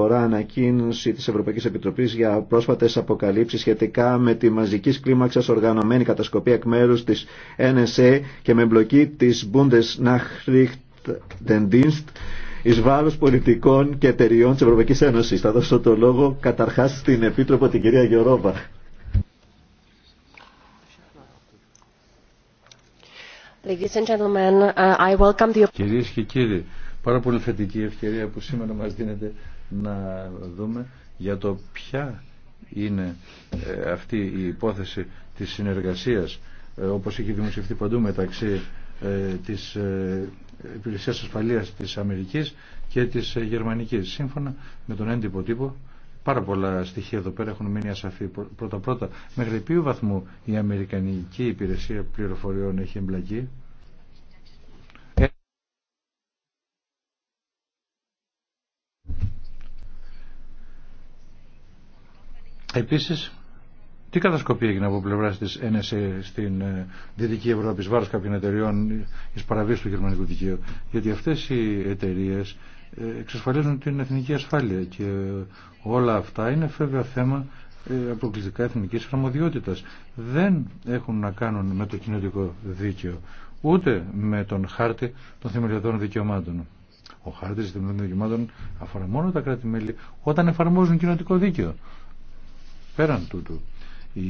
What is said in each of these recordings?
αφορά ανακοίνωση της Ευρωπαϊκής Επιτροπής για πρόσφατες αποκαλύψεις σχετικά με τη μαζική κλίμαξα οργανωμένη κατασκοπή εκ μέρους της NSA και με εμπλοκή της Bundesnachrichtendienst εις βάρος πολιτικών και εταιριών της Ευρωπαϊκής Ένωσης. Θα δώσω το λόγο καταρχάς στην Επίτροπο την κυρία Γεωρόβα. Uh, Κυρίες και κύριοι, πάρα πολύ θετική ευκαιρία που σήμερα μας δίνεται να δούμε για το ποια είναι ε, αυτή η υπόθεση της συνεργασίας ε, όπως έχει δημοσιευτεί παντού μεταξύ ε, της Υπηρεσίας Ασφαλείας της Αμερικής και της Γερμανικής. Σύμφωνα με τον έντυπο τύπο πάρα πολλά στοιχεία εδώ πέρα έχουν μείνει ασαφή. Πρώτα-πρώτα μέχρι ποιο βαθμού η Αμερικανική Υπηρεσία Πληροφοριών έχει εμπλακεί Επίση, τι κατασκοπή έγινε από πλευρά τη NSA στην ε, Δυτική Ευρώπη βάρο κάποιων εταιριών ει παραβίαση του γερμανικού δικαίου. Γιατί αυτέ οι εταιρείε ε, εξασφαλίζουν την εθνική ασφάλεια και όλα αυτά είναι φεύγα θέμα ε, αποκλειστικά εθνική αρμοδιότητα. Δεν έχουν να κάνουν με το κοινωτικό δίκαιο ούτε με τον χάρτη των θεμελιωδών δικαιωμάτων. Ο χάρτη των θεμελιωδών δικαιωμάτων αφορά μόνο τα κράτη-μέλη όταν εφαρμόζουν κοινωτικό δίκαιο. Πέραν τούτου, η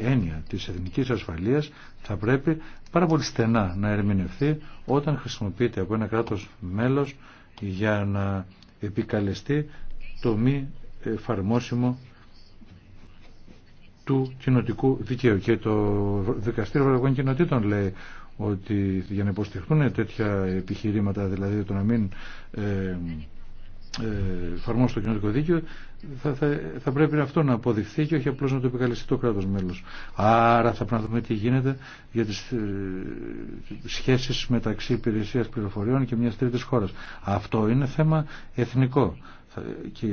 έννοια της εθνικής ασφαλείας θα πρέπει πάρα πολύ στενά να ερμηνευθεί όταν χρησιμοποιείται από ένα κράτος μέλος για να επικαλεστεί το μη εφαρμόσιμο του κοινοτικού δικαίου. Και το Δικαστήριο Ευρωπαϊκών Κοινοτήτων λέει ότι για να υποστηριχθούν τέτοια επιχειρήματα, δηλαδή το να μην ε, ε, εφαρμόσει το κοινωνικό δίκαιο θα, θα, πρέπει αυτό να αποδειχθεί και όχι απλώς να το επικαλεστεί το κράτος μέλος. Άρα θα πρέπει να δούμε τι γίνεται για τις ε, σχέσεις μεταξύ υπηρεσία πληροφοριών και μιας τρίτης χώρας. Αυτό είναι θέμα εθνικό και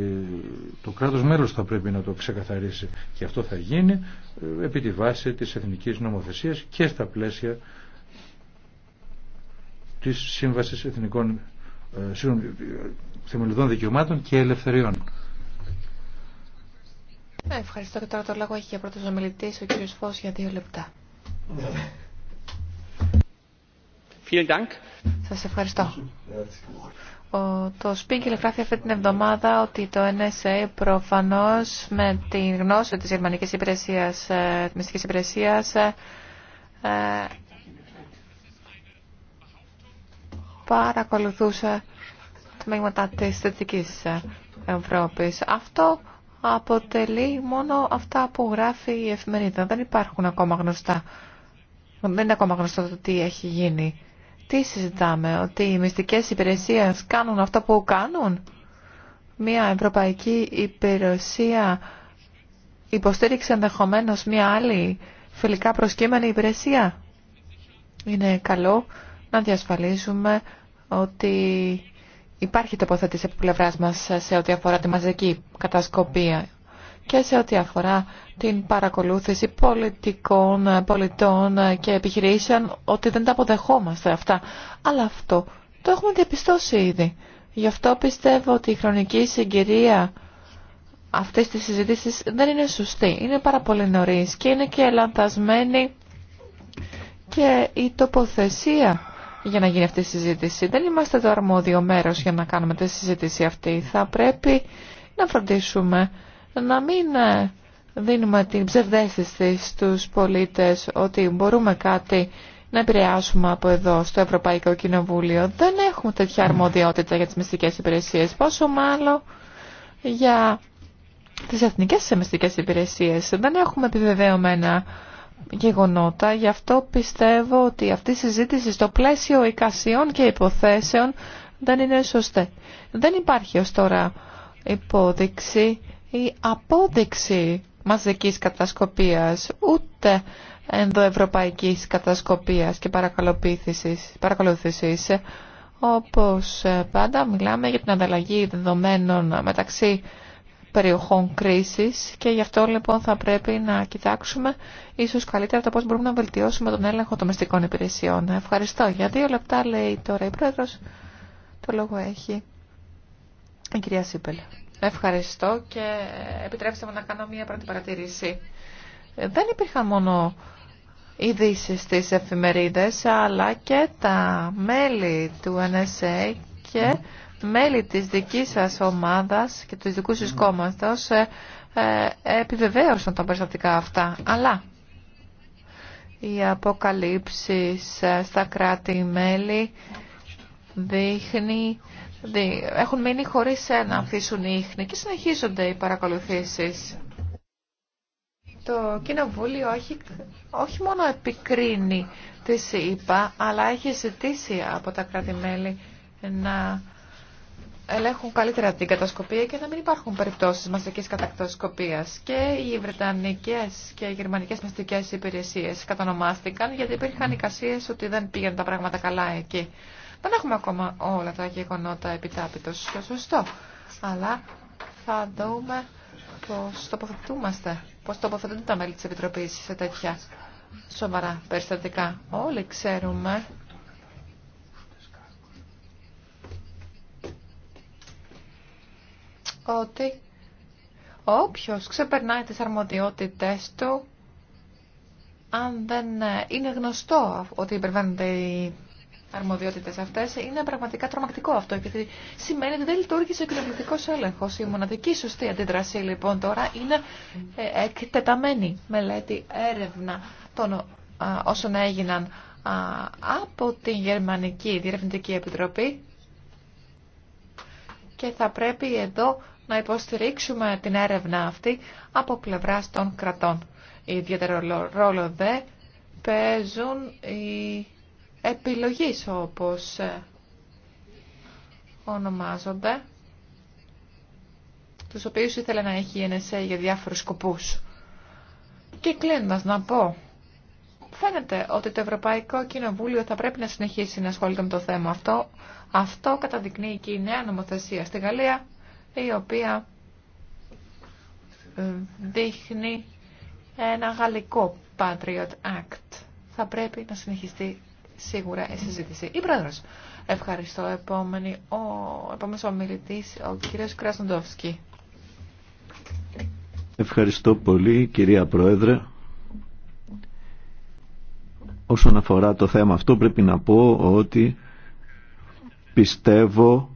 το κράτος μέλος θα πρέπει να το ξεκαθαρίσει και αυτό θα γίνει ε, επί τη βάση τη εθνική νομοθεσία και στα πλαίσια της Σύμβασης Εθνικών ε, θεμελιωδών δικαιωμάτων και ελευθεριών. Ε, ευχαριστώ και τώρα το λόγο έχει για πρώτος ομιλητή, ο κύριος Φω για δύο λεπτά. Σας ευχαριστώ. Το Σπίγκελ γράφει αυτή την εβδομάδα ότι το NSA προφανώς με τη γνώση της γερμανικής υπηρεσίας, ε, της μυστικής υπηρεσίας ε, παρακολουθούσε τμήματα της θετική Ευρώπης. Αυτό αποτελεί μόνο αυτά που γράφει η εφημερίδα. Δεν υπάρχουν ακόμα γνωστά. Δεν είναι ακόμα γνωστό το τι έχει γίνει. Τι συζητάμε, ότι οι μυστικές υπηρεσίες κάνουν αυτό που κάνουν. Μια ευρωπαϊκή υπηρεσία υποστήριξε ενδεχομένω μια άλλη φιλικά προσκύμενη υπηρεσία. Είναι καλό να διασφαλίζουμε ότι Υπάρχει τοποθέτηση από πλευρά μα σε ό,τι αφορά τη μαζική κατασκοπία και σε ό,τι αφορά την παρακολούθηση πολιτικών, πολιτών και επιχειρήσεων ότι δεν τα αποδεχόμαστε αυτά. Αλλά αυτό το έχουμε διαπιστώσει ήδη. Γι' αυτό πιστεύω ότι η χρονική συγκυρία αυτή τη συζήτηση δεν είναι σωστή. Είναι πάρα πολύ νωρί και είναι και λανθασμένη και η τοποθεσία για να γίνει αυτή η συζήτηση. Δεν είμαστε το αρμόδιο μέρος για να κάνουμε τη συζήτηση αυτή. Θα πρέπει να φροντίσουμε να μην ε, δίνουμε την ψευδέστηση στους πολίτες ότι μπορούμε κάτι να επηρεάσουμε από εδώ στο Ευρωπαϊκό Κοινοβούλιο. Δεν έχουμε τέτοια αρμοδιότητα για τις μυστικές υπηρεσίες, πόσο μάλλον για τις εθνικές μυστικές υπηρεσίες. Δεν έχουμε επιβεβαιωμένα γεγονότα. Γι' αυτό πιστεύω ότι αυτή η συζήτηση στο πλαίσιο εικασιών και υποθέσεων δεν είναι σωστή. Δεν υπάρχει ως τώρα υπόδειξη ή απόδειξη μαζικής κατασκοπίας, ούτε ενδοευρωπαϊκής κατασκοπίας και παρακολουθήσης. Όπως πάντα μιλάμε για την ανταλλαγή δεδομένων μεταξύ περιοχών κρίσης και γι' αυτό λοιπόν θα πρέπει να κοιτάξουμε ίσως καλύτερα το πώς μπορούμε να βελτιώσουμε τον έλεγχο των μυστικών υπηρεσιών. Ευχαριστώ. Για δύο λεπτά λέει τώρα η Πρόεδρος. Το λόγο έχει η κυρία Σίπελ. Ευχαριστώ και επιτρέψτε μου να κάνω μία πρώτη παρατηρήση. Δεν υπήρχαν μόνο ειδήσει στις εφημερίδες αλλά και τα μέλη του NSA και μέλη της δικής σας ομάδας και του δικού σας κόμματος ε, ε, επιβεβαίωσαν τα περιστατικά αυτά. Αλλά οι αποκαλύψεις ε, στα κράτη-μέλη δείχνει έχουν μείνει χωρίς ένα αφήσουν ίχνη και συνεχίζονται οι παρακολουθήσεις. Το Κοινοβούλιο όχι, όχι μόνο επικρίνει τη ΣΥΠΑ, αλλά έχει ζητήσει από τα κράτη-μέλη να ελέγχουν καλύτερα την κατασκοπία και να μην υπάρχουν περιπτώσεις μαστικής κατακτοσκοπίας. Και οι Βρετανικές και οι Γερμανικές μαστικές υπηρεσίες κατανομάστηκαν γιατί υπήρχαν εικασίες ότι δεν πήγαιναν τα πράγματα καλά εκεί. Δεν έχουμε ακόμα όλα τα γεγονότα επιτάπητος και σωστό. Αλλά θα δούμε πώς τοποθετούμαστε, πώς τοποθετούνται τα μέλη της Επιτροπής σε τέτοια σοβαρά περιστατικά. Όλοι ξέρουμε ότι όποιος ξεπερνάει τις αρμοδιότητες του, αν δεν είναι γνωστό ότι υπερβαίνονται οι αρμοδιότητες αυτές, είναι πραγματικά τρομακτικό αυτό, γιατί σημαίνει ότι δεν λειτουργήσε ο κοινοβουλευτικός έλεγχος. Η μοναδική σωστή αντίδραση λοιπόν τώρα είναι ε, εκτεταμένη μελέτη έρευνα των όσων έγιναν από την Γερμανική Διερευνητική Επιτροπή και θα πρέπει εδώ να υποστηρίξουμε την έρευνα αυτή από πλευρά των κρατών. Ιδιαίτερο ρόλο δε παίζουν οι επιλογές όπως ε, ονομάζονται τους οποίους ήθελε να έχει η NSA για διάφορους σκοπούς. Και κλείνοντας να πω, φαίνεται ότι το Ευρωπαϊκό Κοινοβούλιο θα πρέπει να συνεχίσει να ασχολείται με το θέμα αυτό. Αυτό καταδεικνύει και η νέα νομοθεσία στη Γαλλία η οποία ε, δείχνει ένα γαλλικό Patriot Act. Θα πρέπει να συνεχιστεί σίγουρα η συζήτηση. Η πρόεδρος. Ευχαριστώ. Επόμενη, ο επόμενος ομιλητής, ο κύριος Κρασνοντόφσκι. Ευχαριστώ πολύ κυρία Πρόεδρε. Όσον αφορά το θέμα αυτό πρέπει να πω ότι πιστεύω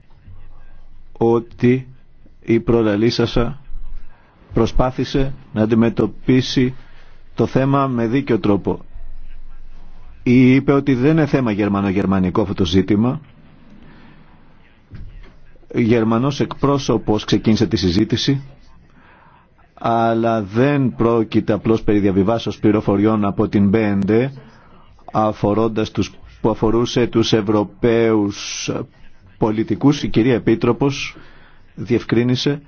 ότι η προλαλήσασα προσπάθησε να αντιμετωπίσει το θέμα με δίκιο τρόπο. Ή είπε ότι δεν είναι θέμα γερμανο-γερμανικό αυτό το ζήτημα. Γερμανός εκπρόσωπος ξεκίνησε τη συζήτηση αλλά δεν πρόκειται απλώς περί διαβιβάσεως πληροφοριών από την BND αφορώντας τους, που αφορούσε τους Ευρωπαίους πολιτικούς. Η κυρία Επίτροπος διευκρίνησε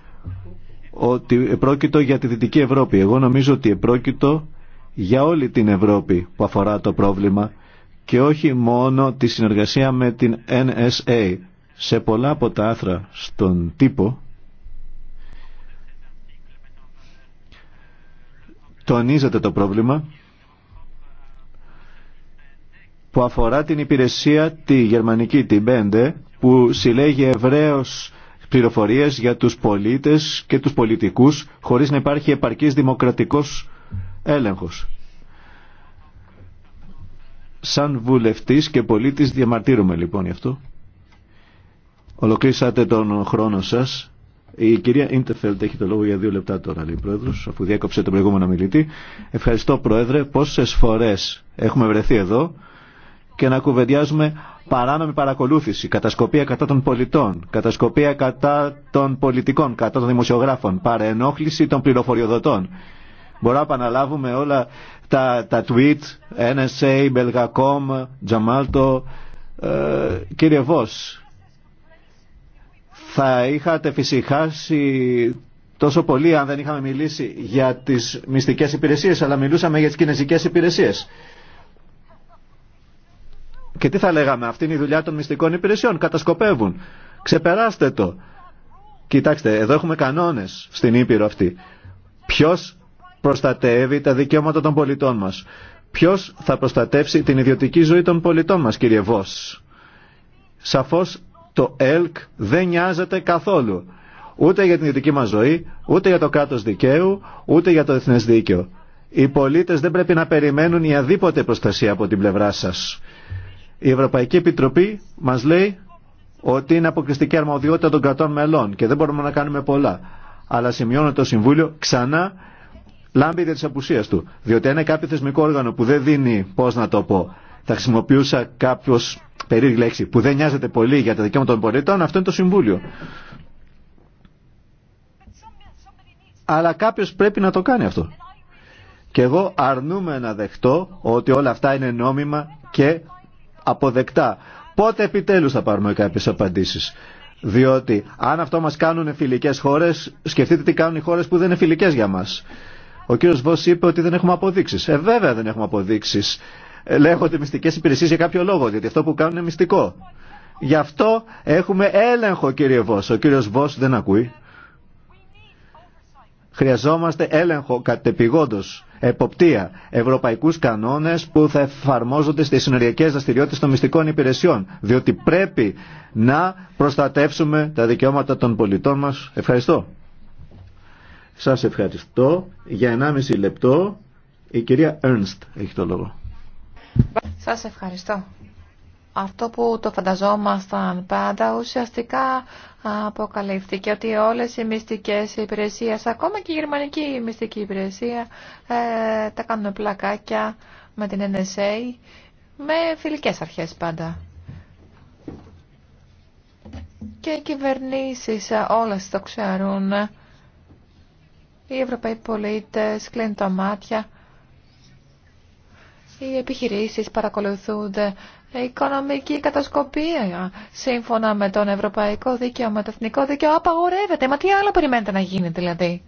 ότι επρόκειτο για τη Δυτική Ευρώπη. Εγώ νομίζω ότι επρόκειτο για όλη την Ευρώπη που αφορά το πρόβλημα και όχι μόνο τη συνεργασία με την NSA. Σε πολλά από τα άθρα στον τύπο τονίζεται το πρόβλημα που αφορά την υπηρεσία τη γερμανική, την 5, που συλλέγει Εβραίους πληροφορίες για τους πολίτες και τους πολιτικούς χωρίς να υπάρχει επαρκής δημοκρατικός έλεγχος. Σαν βουλευτής και πολίτης διαμαρτύρομαι λοιπόν γι' αυτό. Ολοκλήσατε τον χρόνο σας. Η κυρία Ιντεφελτ έχει το λόγο για δύο λεπτά τώρα, λέει πρόεδρο, αφού διέκοψε τον προηγούμενο μιλητή. Ευχαριστώ, πρόεδρε. Πόσε φορέ έχουμε βρεθεί εδώ και να κουβεντιάζουμε παράνομη παρακολούθηση, κατασκοπία κατά των πολιτών, κατασκοπία κατά των πολιτικών, κατά των δημοσιογράφων, παρενόχληση των πληροφοριοδοτών. Μπορώ να επαναλάβουμε όλα τα, τα tweet, NSA, Belgacom, Τζαμάλτο, ε, κύριε Βος. Θα είχατε φυσικάσει τόσο πολύ αν δεν είχαμε μιλήσει για τις μυστικές υπηρεσίες, αλλά μιλούσαμε για τις κινέζικες υπηρεσίες. Και τι θα λέγαμε, αυτή είναι η δουλειά των μυστικών υπηρεσιών, κατασκοπεύουν. Ξεπεράστε το. Κοιτάξτε, εδώ έχουμε κανόνε στην Ήπειρο αυτή. Ποιο προστατεύει τα δικαιώματα των πολιτών μα. Ποιο θα προστατεύσει την ιδιωτική ζωή των πολιτών μα κύριε Βό. Σαφώς το ΕΛΚ δεν νοιάζεται καθόλου. Ούτε για την ιδιωτική μα ζωή, ούτε για το κράτο δικαίου, ούτε για το εθνές δίκαιο. Οι πολίτε δεν πρέπει να περιμένουν η αδίποτε προστασία από την πλευρά σα. Η Ευρωπαϊκή Επιτροπή μα λέει ότι είναι αποκριστική αρμοδιότητα των κρατών μελών και δεν μπορούμε να κάνουμε πολλά. Αλλά σημειώνω το Συμβούλιο ξανά λάμπει για τι απουσίε του. Διότι αν είναι κάποιο θεσμικό όργανο που δεν δίνει, πώ να το πω, θα χρησιμοποιούσα κάποιο περίεργη λέξη που δεν νοιάζεται πολύ για τα δικαιώματα των πολιτών, αυτό είναι το Συμβούλιο. Αλλά κάποιο πρέπει να το κάνει αυτό. Και εγώ αρνούμαι να δεχτώ ότι όλα αυτά είναι νόμιμα και αποδεκτά. Πότε επιτέλους θα πάρουμε κάποιες απαντήσεις. Διότι αν αυτό μας κάνουν φιλικές χώρες, σκεφτείτε τι κάνουν οι χώρες που δεν είναι φιλικές για μας. Ο κύριος Βος είπε ότι δεν έχουμε αποδείξεις. Ε, βέβαια δεν έχουμε αποδείξεις. Ε, Λέγονται μυστικές υπηρεσίες για κάποιο λόγο, διότι αυτό που κάνουν είναι μυστικό. Γι' αυτό έχουμε έλεγχο κύριε Βος. Ο κύριος Βος δεν ακούει. Χρειαζόμαστε έλεγχο κατεπηγόντως εποπτεία, ευρωπαϊκούς κανόνες που θα εφαρμόζονται στις συνοριακές δραστηριότητες των μυστικών υπηρεσιών, διότι πρέπει να προστατεύσουμε τα δικαιώματα των πολιτών μας. Ευχαριστώ. Σας ευχαριστώ. Για 1,5 λεπτό η κυρία Ernst έχει το λόγο. Σας ευχαριστώ αυτό που το φανταζόμασταν πάντα ουσιαστικά αποκαλύφθηκε ότι όλες οι μυστικές υπηρεσίες, ακόμα και η γερμανική μυστική υπηρεσία, ε, τα κάνουν πλακάκια με την NSA, με φιλικές αρχές πάντα. Και οι κυβερνήσεις ε, όλες το ξέρουν. Οι Ευρωπαίοι πολίτες κλείνουν τα μάτια. Οι επιχειρήσεις παρακολουθούνται ε, οικονομική κατασκοπία σύμφωνα με τον ευρωπαϊκό δίκαιο, με το εθνικό δίκαιο απαγορεύεται. Μα τι άλλο περιμένετε να γίνει δηλαδή.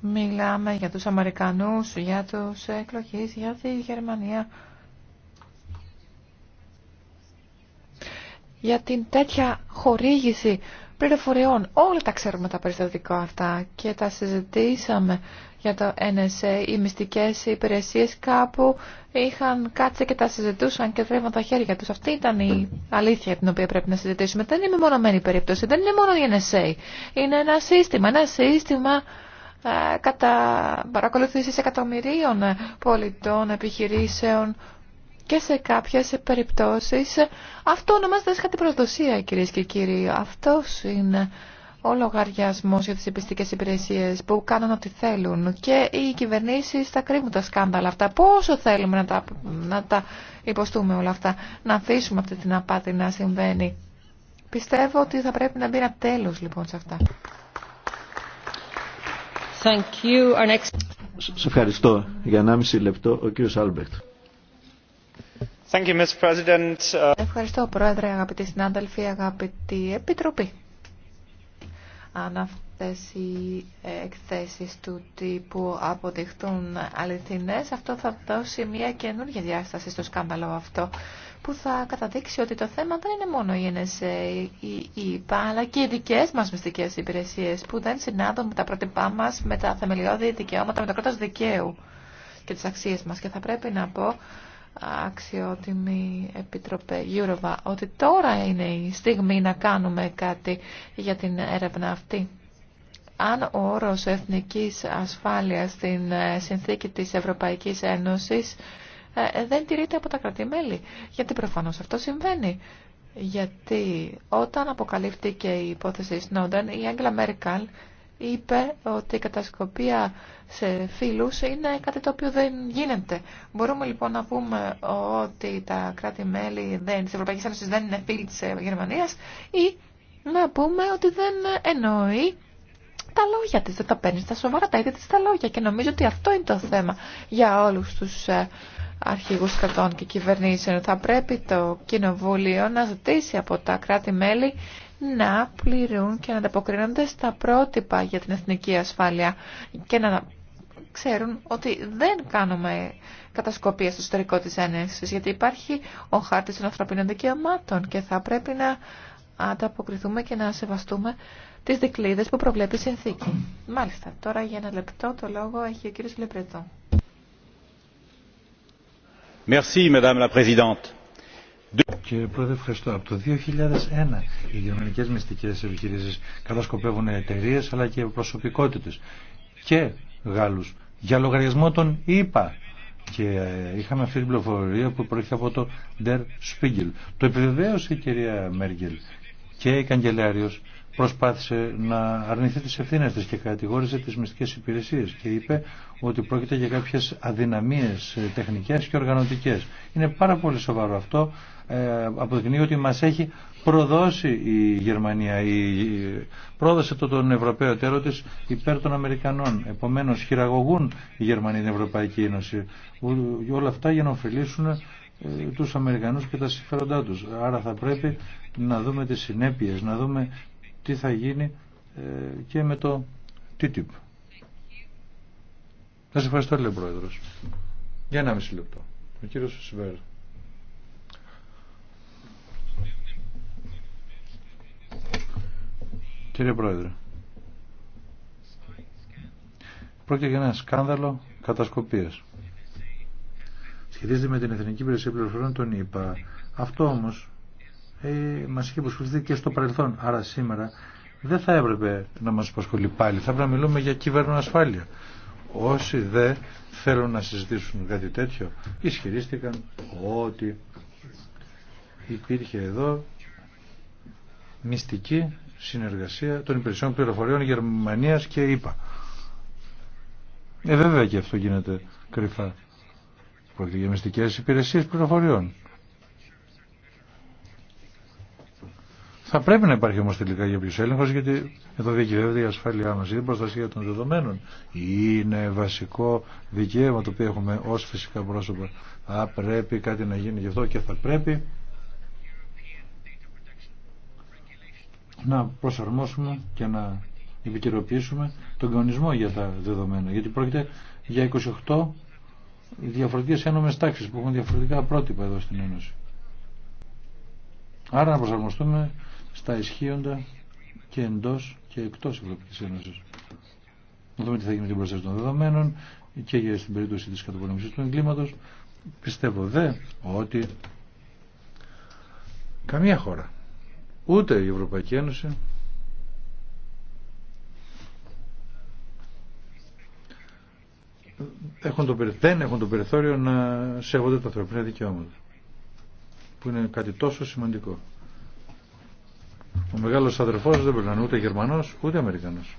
Μιλάμε για τους Αμερικανούς, για τους εκλογείς, για τη Γερμανία. Για την τέτοια χορήγηση πληροφοριών. Όλοι τα ξέρουμε τα περιστατικά αυτά και τα συζητήσαμε για το NSA. Οι μυστικές υπηρεσίες κάπου είχαν κάτσει και τα συζητούσαν και τρέβαν τα χέρια τους. Αυτή ήταν η αλήθεια την οποία πρέπει να συζητήσουμε. Δεν είναι μονομένη περίπτωση, δεν είναι μόνο η NSA. Είναι ένα σύστημα, ένα σύστημα ε, κατά παρακολουθήσεις εκατομμυρίων πολιτών, επιχειρήσεων, και σε κάποιες περιπτώσεις αυτό ονομάζεται έσχατη προσδοσία κυρίες και κύριοι. Αυτός είναι ο λογαριασμό για τι επιστικέ υπηρεσίε που κάνουν ό,τι θέλουν και οι κυβερνήσει θα κρύβουν τα σκάνδαλα αυτά. Πόσο θέλουμε να τα, να τα υποστούμε όλα αυτά, να αφήσουμε αυτή την απάτη να συμβαίνει. Πιστεύω ότι θα πρέπει να μπει ένα τέλο λοιπόν σε αυτά. Thank ευχαριστώ. Για 1,5 λεπτό ο κύριος Άλμπεκτ. Thank you, President. Ευχαριστώ, Πρόεδρε, αγαπητοί συνάδελφοι, αγαπητή Επιτροπή. Αν αυτές οι εκθέσεις του τύπου αποδειχτούν αληθινές, αυτό θα δώσει μια καινούργια διάσταση στο σκάνδαλο αυτό, που θα καταδείξει ότι το θέμα δεν είναι μόνο η NSA, η αλλά και οι δικές μας μυστικές υπηρεσίες, που δεν συνάδουν με τα πρότυπά μας, με τα θεμελιώδη δικαιώματα, με το κράτος δικαίου και τις αξίες μας. Και θα πρέπει να πω αξιότιμη επιτροπέ Γιούροβα ότι τώρα είναι η στιγμή να κάνουμε κάτι για την έρευνα αυτή. Αν ο όρος εθνικής ασφάλειας στην ε, συνθήκη της Ευρωπαϊκής Ένωσης ε, ε, δεν τηρείται από τα κρατημέλη. Γιατί προφανώς αυτό συμβαίνει. Γιατί όταν αποκαλύφθηκε η υπόθεση Σνόντεν, η Άγγελα Μέρικαλ, είπε ότι η κατασκοπία σε φίλους είναι κάτι το οποίο δεν γίνεται. Μπορούμε λοιπόν να πούμε ότι τα κράτη-μέλη της Ευρωπαϊκής Ένωσης δεν είναι φίλοι της Γερμανίας ή να πούμε ότι δεν εννοεί τα λόγια της, δεν τα παίρνει στα σοβαρά τα ίδια της τα λόγια και νομίζω ότι αυτό είναι το θέμα για όλους τους ε, αρχηγούς κρατών και κυβερνήσεων. Θα πρέπει το Κοινοβούλιο να ζητήσει από τα κράτη-μέλη να πληρούν και να ανταποκρίνονται στα πρότυπα για την εθνική ασφάλεια και να ξέρουν ότι δεν κάνουμε κατασκοπία στο εσωτερικό της Ένωσης, γιατί υπάρχει ο χάρτης των ανθρωπίνων δικαιωμάτων και θα πρέπει να ανταποκριθούμε και να σεβαστούμε τις δικλείδες που προβλέπει η συνθήκη. Μάλιστα, τώρα για ένα λεπτό το λόγο έχει ο κύριος Λεπρετό. Merci, Madame la Κύριε Πρόεδρε, ευχαριστώ. Από το 2001 οι γερμανικές μυστικές επιχειρήσεις κατασκοπεύουν εταιρείε αλλά και προσωπικότητες και Γάλλους για λογαριασμό των ΙΠΑ και είχαμε αυτή την πληροφορία που προέρχεται από το Der Spiegel. Το επιβεβαίωσε η κυρία Μέρκελ και η καγκελάριος προσπάθησε να αρνηθεί τις ευθύνες της και κατηγόρησε τις μυστικές υπηρεσίες και είπε ότι πρόκειται για κάποιες αδυναμίες ε, τεχνικές και οργανωτικές. Είναι πάρα πολύ σοβαρό αυτό. Ε, αποδεικνύει ότι μας έχει προδώσει η Γερμανία. Η, πρόδωσε το τον Ευρωπαίο τέρο της υπέρ των Αμερικανών. Επομένως χειραγωγούν οι Γερμανοί την Ευρωπαϊκή Ένωση. Όλα αυτά για να ωφελήσουν ε, τους Αμερικανούς και τα συμφέροντά τους. Άρα θα πρέπει να δούμε τις συνέπειες, να δούμε τι θα γίνει ε, και με το TTIP. Σα ευχαριστώ, λέει ο πρόεδρο. Για ένα μισή λεπτό. Ο κύριο Σιμπέρ. Κύριε Πρόεδρε, πρόκειται για ένα σκάνδαλο κατασκοπίας. Σχετίζεται με την Εθνική Υπηρεσία Πληροφοριών των ήπα. Αυτό όμως ε, μας είχε υποσχοληθεί και στο παρελθόν. Άρα σήμερα δεν θα έπρεπε να μας υποσχολεί πάλι. Θα έπρεπε να μιλούμε για ασφάλεια. Όσοι δεν θέλουν να συζητήσουν κάτι τέτοιο, ισχυρίστηκαν ότι υπήρχε εδώ μυστική συνεργασία των υπηρεσιών πληροφοριών Γερμανίας και ΕΠΑ. Ε, βέβαια και αυτό γίνεται κρυφά. Πρόκειται για μυστικές υπηρεσίες πληροφοριών. Θα πρέπει να υπάρχει όμω τελικά για ποιου έλεγχο, γιατί εδώ διακυβεύεται η ασφάλειά μα. Η προστασία των δεδομένων είναι βασικό δικαίωμα το οποίο έχουμε ω φυσικά πρόσωπα. Θα πρέπει κάτι να γίνει γι' αυτό και θα πρέπει να προσαρμόσουμε και να επικαιροποιήσουμε τον κανονισμό για τα δεδομένα. Γιατί πρόκειται για 28 διαφορετικέ ένωμε τάξει που έχουν διαφορετικά πρότυπα εδώ στην Ένωση. Άρα να προσαρμοστούμε στα ισχύοντα και εντός και εκτός Ευρωπαϊκής Ένωσης. Να δούμε τι θα γίνει με την προστασία των δεδομένων και για στην περίπτωση της καταπολέμησης του εγκλήματος. Πιστεύω δε ότι καμία χώρα, ούτε η Ευρωπαϊκή Ένωση, έχουν το, δεν έχουν το περιθώριο να σέβονται τα ανθρωπίνα δικαιώματα που είναι κάτι τόσο σημαντικό. Ο μεγάλος αδερφός δεν πρέπει ούτε Γερμανός ούτε Αμερικανός.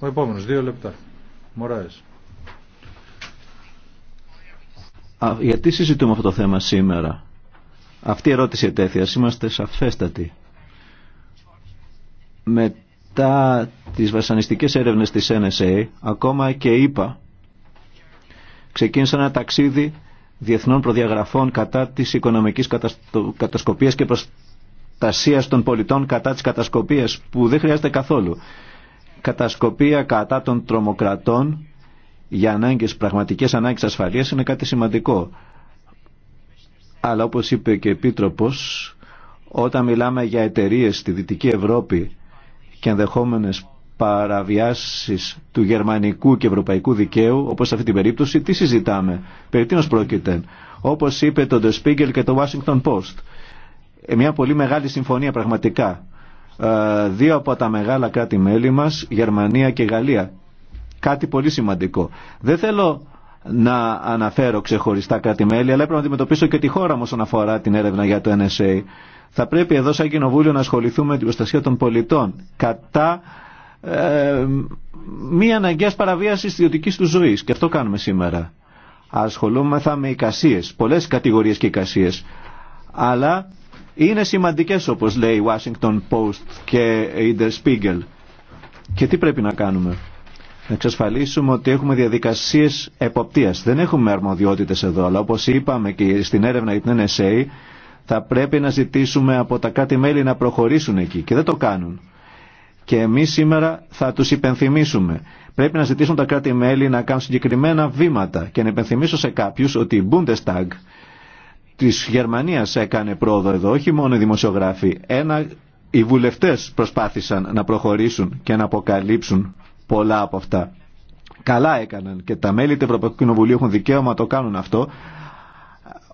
Ο επόμενος, δύο λεπτά. Μωράες. Α, γιατί συζητούμε αυτό το θέμα σήμερα. Αυτή η ερώτηση ετέθη, είμαστε σαφέστατοι. Μετά τις βασανιστικές έρευνες της NSA, ακόμα και είπα, ξεκίνησαν ένα ταξίδι διεθνών προδιαγραφών κατά της οικονομικής κατασκοπίας και προς προστασίας των πολιτών κατά της κατασκοπίας που δεν χρειάζεται καθόλου. Κατασκοπία κατά των τρομοκρατών για ανάγκες, πραγματικές ανάγκες ασφαλείας είναι κάτι σημαντικό. Αλλά όπως είπε και ο Επίτροπος, όταν μιλάμε για εταιρείες στη Δυτική Ευρώπη και ενδεχόμενες παραβιάσεις του γερμανικού και ευρωπαϊκού δικαίου, όπως σε αυτή την περίπτωση, τι συζητάμε, περί τίνος πρόκειται. Όπως είπε το The Spiegel και το Washington Post, ε, μια πολύ μεγάλη συμφωνία πραγματικά. Ε, δύο από τα μεγάλα κράτη-μέλη μας, Γερμανία και Γαλλία. Κάτι πολύ σημαντικό. Δεν θέλω να αναφέρω ξεχωριστά κράτη-μέλη, αλλά πρέπει να αντιμετωπίσω και τη χώρα μου όσον αφορά την έρευνα για το NSA. Θα πρέπει εδώ σαν Κοινοβούλιο να ασχοληθούμε με την προστασία των πολιτών κατά ε, μη παραβίαση παραβίασης του ζωής. Και αυτό κάνουμε σήμερα. Ασχολούμεθα με εικασίες, πολλές κατηγορίες και εικασίες. Αλλά είναι σημαντικές όπως λέει η Washington Post και η Der Spiegel. Και τι πρέπει να κάνουμε. Να εξασφαλίσουμε ότι έχουμε διαδικασίες εποπτείας. Δεν έχουμε αρμοδιότητες εδώ, αλλά όπως είπαμε και στην έρευνα για την NSA, θα πρέπει να ζητήσουμε από τα κράτη-μέλη να προχωρήσουν εκεί και δεν το κάνουν. Και εμείς σήμερα θα τους υπενθυμίσουμε. Πρέπει να ζητήσουν τα κράτη-μέλη να κάνουν συγκεκριμένα βήματα και να υπενθυμίσω σε κάποιους ότι η Bundestag της Γερμανίας έκανε πρόοδο εδώ, όχι μόνο οι δημοσιογράφοι. Ένα, οι βουλευτές προσπάθησαν να προχωρήσουν και να αποκαλύψουν πολλά από αυτά. Καλά έκαναν και τα μέλη του Ευρωπαϊκού Κοινοβουλίου έχουν δικαίωμα να το κάνουν αυτό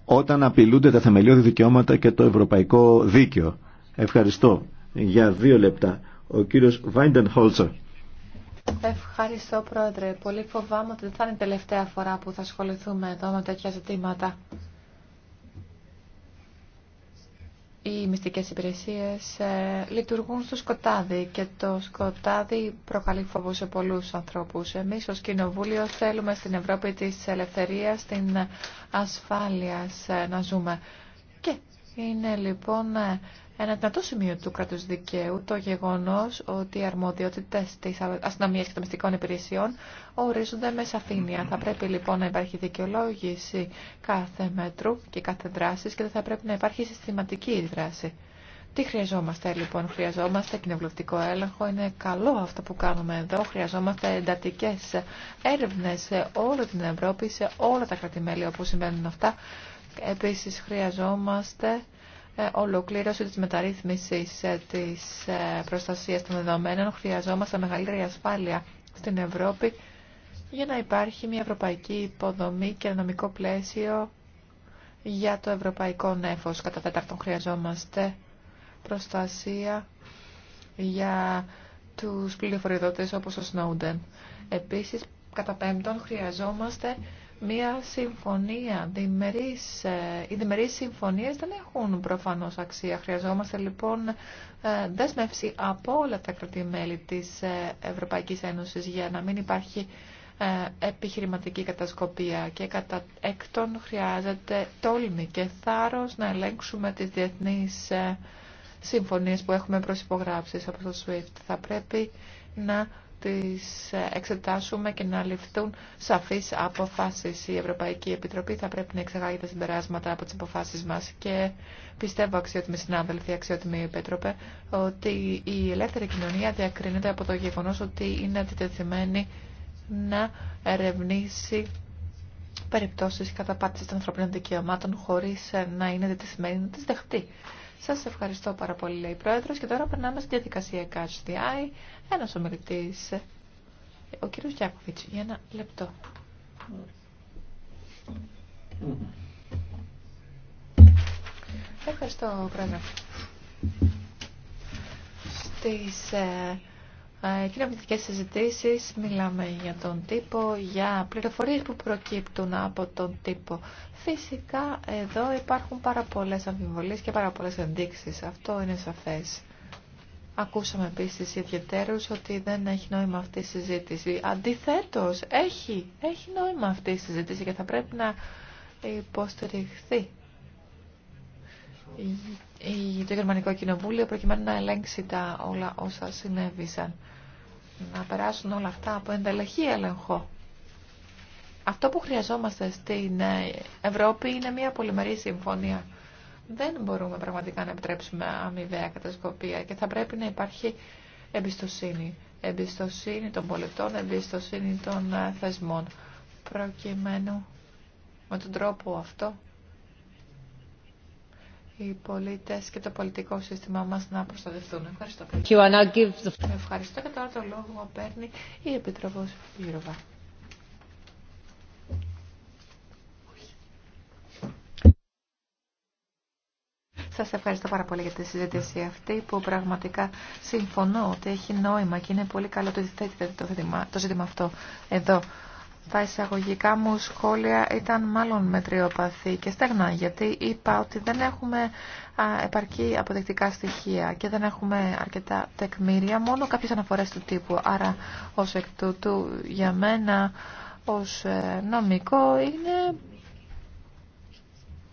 όταν απειλούνται τα θεμελιώδη δικαιώματα και το ευρωπαϊκό δίκαιο. Ευχαριστώ. Για δύο λεπτά. Ο κύριος Βάιντεν Ευχαριστώ πρόεδρε. Πολύ φοβάμαι ότι δεν θα είναι η τελευταία φορά που θα ασχοληθούμε εδώ με τέτοια ζητήματα. οι μυστικές υπηρεσίες ε, λειτουργούν στο σκοτάδι και το σκοτάδι προκαλεί φόβο σε πολλούς ανθρώπους. Εμείς ως Κοινοβούλιο θέλουμε στην Ευρώπη της ελευθερίας, την ασφάλεια ε, να ζούμε. Και είναι λοιπόν ε, ένα δυνατό σημείο του κρατου δικαίου το γεγονό ότι οι αρμόδιοτητε τη αστυνομία και των μυστικών υπηρεσιών ορίζονται με σαφήνεια. Θα πρέπει λοιπόν να υπάρχει δικαιολόγηση κάθε μέτρου και κάθε δράση και δεν θα πρέπει να υπάρχει συστηματική δράση. Τι χρειαζόμαστε λοιπόν, χρειαζόμαστε κοινοβουλευτικό έλεγχο, είναι καλό αυτό που κάνουμε εδώ, χρειαζόμαστε εντατικέ έρευνε σε όλη την Ευρώπη, σε όλα τα κρατημέλη όπου συμβαίνουν αυτά. Επίση χρειαζόμαστε ε, ολοκλήρωση της μεταρρύθμισης ε, της ε, προστασίας των δεδομένων χρειαζόμαστε μεγαλύτερη ασφάλεια στην Ευρώπη για να υπάρχει μια ευρωπαϊκή υποδομή και νομικό πλαίσιο για το ευρωπαϊκό νέφος. Κατά τέταρτον χρειαζόμαστε προστασία για τους πληροφοριδότες όπως ο Σνόντεν. Επίσης, κατά πέμπτον, χρειαζόμαστε Μία συμφωνία, διμερείς, ε, οι διμερείς συμφωνίες δεν έχουν προφανώς αξία. Χρειαζόμαστε λοιπόν ε, δέσμευση από όλα τα κρατημέλη της ε, Ευρωπαϊκής Ένωσης για να μην υπάρχει επιχειρηματική κατασκοπία και κατά έκτον χρειάζεται τόλμη και θάρρος να ελέγξουμε τις διεθνείς συμφωνίες που έχουμε προσυπογράψει από το SWIFT. Θα πρέπει να τις εξετάσουμε και να ληφθούν σαφείς αποφάσεις. Η Ευρωπαϊκή Επιτροπή θα πρέπει να εξεγάγει τα συμπεράσματα από τις αποφάσεις μας και πιστεύω αξιότιμοι συνάδελφοι, αξιότιμοι υπέτροπε, ότι η ελεύθερη κοινωνία διακρίνεται από το γεγονός ότι είναι αντιτεθειμένη να ερευνήσει περιπτώσεις καταπάτησης των ανθρωπίνων δικαιωμάτων χωρίς να είναι αντιτεθειμένη να τις δεχτεί. Σας ευχαριστώ πάρα πολύ, λέει η Πρόεδρος. Και τώρα περνάμε στη διαδικασία Catch the Eye. ομιλητής, ο κύριο Γιάκοβιτ, για ένα λεπτό. Ευχαριστώ, Πρόεδρε. Στις... Ε, ε, κοινοβουλευτικές συζητήσεις, μιλάμε για τον τύπο, για πληροφορίες που προκύπτουν από τον τύπο. Φυσικά εδώ υπάρχουν πάρα πολλές αμφιβολίες και πάρα πολλές ενδείξεις. Αυτό είναι σαφές. Ακούσαμε επίσης ιδιαιτέρους ότι δεν έχει νόημα αυτή η συζήτηση. Αντιθέτως, έχει, έχει νόημα αυτή η συζήτηση και θα πρέπει να υποστηριχθεί το Γερμανικό Κοινοβούλιο προκειμένου να ελέγξει τα όλα όσα συνέβησαν. Να περάσουν όλα αυτά από ενταλλαχή έλεγχο. Αυτό που χρειαζόμαστε στην ε, Ευρώπη είναι μια πολυμερή συμφωνία. Δεν μπορούμε πραγματικά να επιτρέψουμε αμοιβαία κατασκοπία και θα πρέπει να υπάρχει εμπιστοσύνη. Εμπιστοσύνη των πολιτών, εμπιστοσύνη των ε, θεσμών. Προκειμένου με τον τρόπο αυτό οι πολίτες και το πολιτικό σύστημά μας να προστατευτούν. Ευχαριστώ. Ευχαριστώ και τώρα το λόγο παίρνει η Επιτροπός Γύρωβα. Σας ευχαριστώ πάρα πολύ για τη συζήτηση αυτή που πραγματικά συμφωνώ ότι έχει νόημα και είναι πολύ καλό το, το, το ζήτημα αυτό εδώ τα εισαγωγικά μου σχόλια ήταν μάλλον μετριοπαθή και στεγνά, γιατί είπα ότι δεν έχουμε επαρκή αποδεκτικά στοιχεία και δεν έχουμε αρκετά τεκμήρια, μόνο κάποιες αναφορές του τύπου. Άρα, ως εκ τούτου, για μένα, ως ε, νομικό, είναι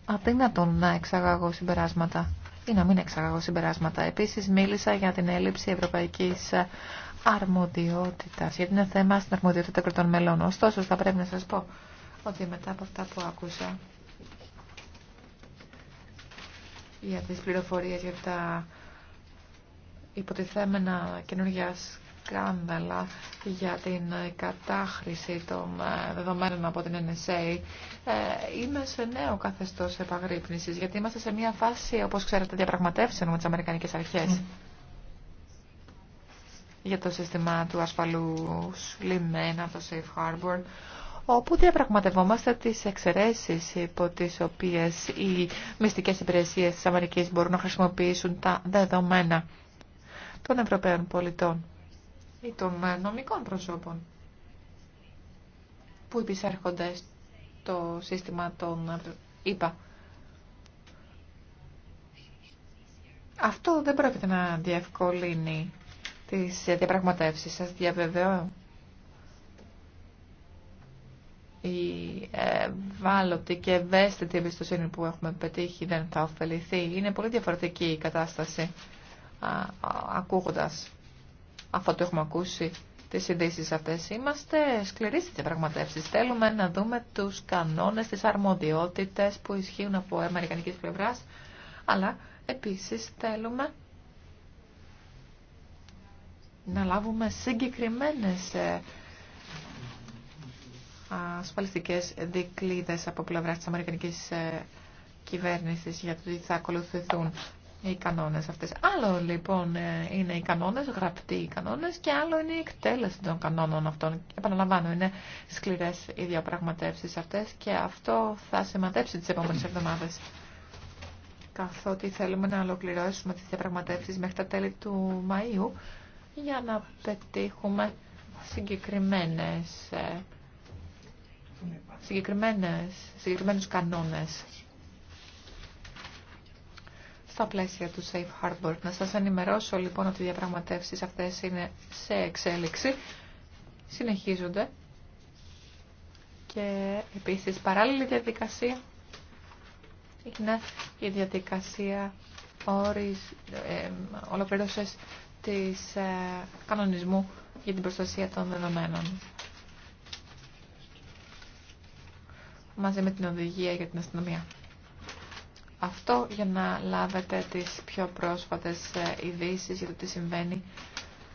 αδύνατον να εξαγαγώ συμπεράσματα ή να μην εξαγαγώ συμπεράσματα. Επίσης, μίλησα για την έλλειψη ευρωπαϊκής αρμοδιότητας, γιατί είναι θέμα στην αρμοδιότητα των κρατών μελών. Ωστόσο, θα πρέπει να σας πω ότι μετά από αυτά που άκουσα για τι πληροφορίε για τα υποτιθέμενα καινούργια σκάνδαλα για την κατάχρηση των ε, δεδομένων από την NSA. Ε, είμαι σε νέο καθεστώς επαγρύπνησης, γιατί είμαστε σε μια φάση, όπως ξέρετε, διαπραγματεύσεων με τις Αμερικανικές Αρχές. Mm για το σύστημα του ασφαλούς λιμένα, το Safe Harbor, όπου διαπραγματευόμαστε τις εξαιρέσεις υπό τις οποίες οι μυστικές υπηρεσίες της Αμερικής μπορούν να χρησιμοποιήσουν τα δεδομένα των Ευρωπαίων πολιτών ή των ε, νομικών προσώπων που επισέρχονται στο σύστημα των ΙΠΑ. Ε, Αυτό δεν πρόκειται να διευκολύνει τις διαπραγματεύσεις σας. Διαβεβαιώ η ε, ευάλωτη και ευαίσθητη εμπιστοσύνη που έχουμε πετύχει δεν θα ωφεληθεί. Είναι πολύ διαφορετική η κατάσταση α, ακούγοντας αυτό το έχουμε ακούσει τις ειδήσει αυτές. Είμαστε σκληροί στις διαπραγματεύσεις. Θέλουμε να δούμε τους κανόνες, τις αρμοδιότητες που ισχύουν από αμερικανικής πλευράς, αλλά επίσης θέλουμε να λάβουμε συγκεκριμένες ε, ασφαλιστικές δικλείδες από πλευρά της Αμερικανικής ε, κυβέρνησης για το ότι θα ακολουθηθούν οι κανόνες αυτές. Άλλο λοιπόν ε, είναι οι κανόνες, γραπτοί οι κανόνες και άλλο είναι η εκτέλεση των κανόνων αυτών. Επαναλαμβάνω, είναι σκληρές οι διαπραγματεύσεις αυτές και αυτό θα σημαντέψει τις επόμενες εβδομάδες. Καθότι θέλουμε να ολοκληρώσουμε τις διαπραγματεύσεις μέχρι τα τέλη του Μαΐου για να πετύχουμε συγκεκριμένες, ε, συγκεκριμένες, συγκεκριμένους κανόνες στα πλαίσια του Safe Harbor. Να σας ενημερώσω λοιπόν ότι οι διαπραγματεύσεις αυτές είναι σε εξέλιξη, συνεχίζονται και επίσης παράλληλη διαδικασία είναι η διαδικασία όρις, ε, ε ολοκλήρωσης της ε, κανονισμού για την προστασία των δεδομένων. Μαζί με την οδηγία για την αστυνομία. Αυτό για να λάβετε τις πιο πρόσφατες ε, ειδήσει για το τι συμβαίνει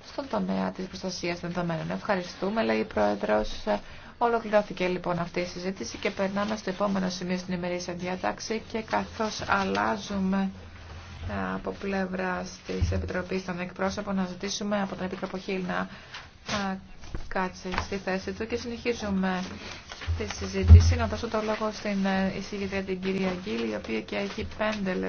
στον τομέα της προστασίας των δεδομένων. Ευχαριστούμε, λέει η Πρόεδρος. Ε, ολοκληρώθηκε λοιπόν αυτή η συζήτηση και περνάμε στο επόμενο σημείο στην ημερήσια διάταξη και καθώς αλλάζουμε από πλευρά τη Επιτροπή των Εκπρόσωπων να ζητήσουμε από τον Επιτροπό Χίλ να κάτσει στη θέση του και συνεχίζουμε τη συζήτηση. Να δώσω το λόγο στην ε, εισηγητρία την κυρία Γκίλη, η οποία και έχει πέντε λεπτά.